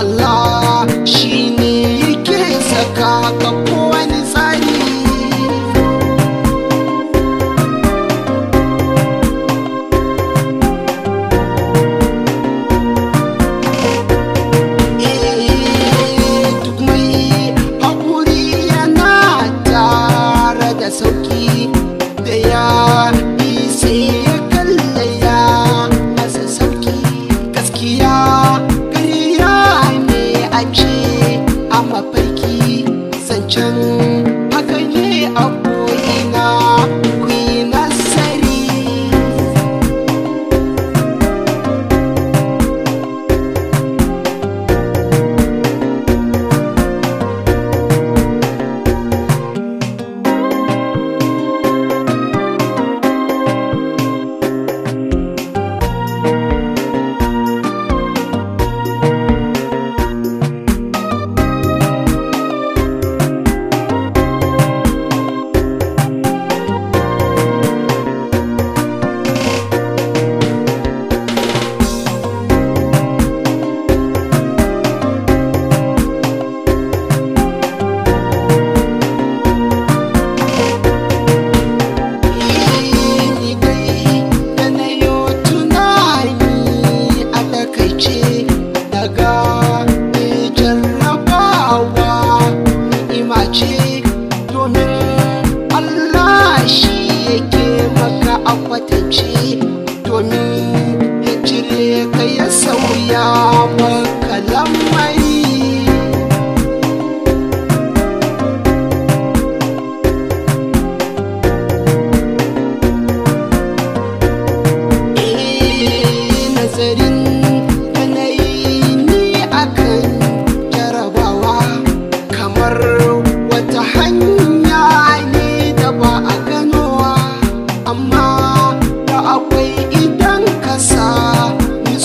Allah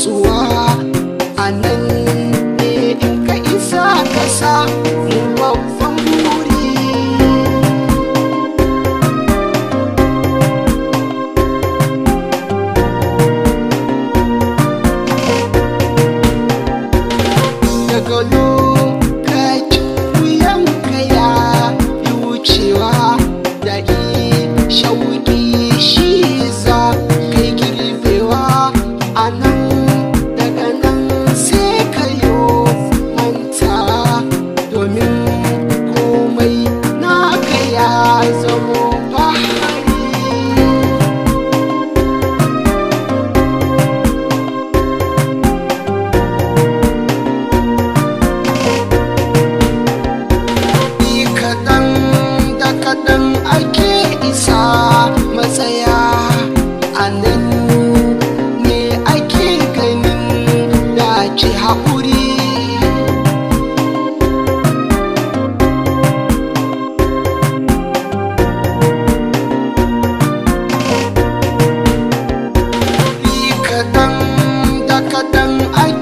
who kaɗan ake isa matsaya a nan ne ake ganin da ake haƙuri kaɗan da kaɗan ake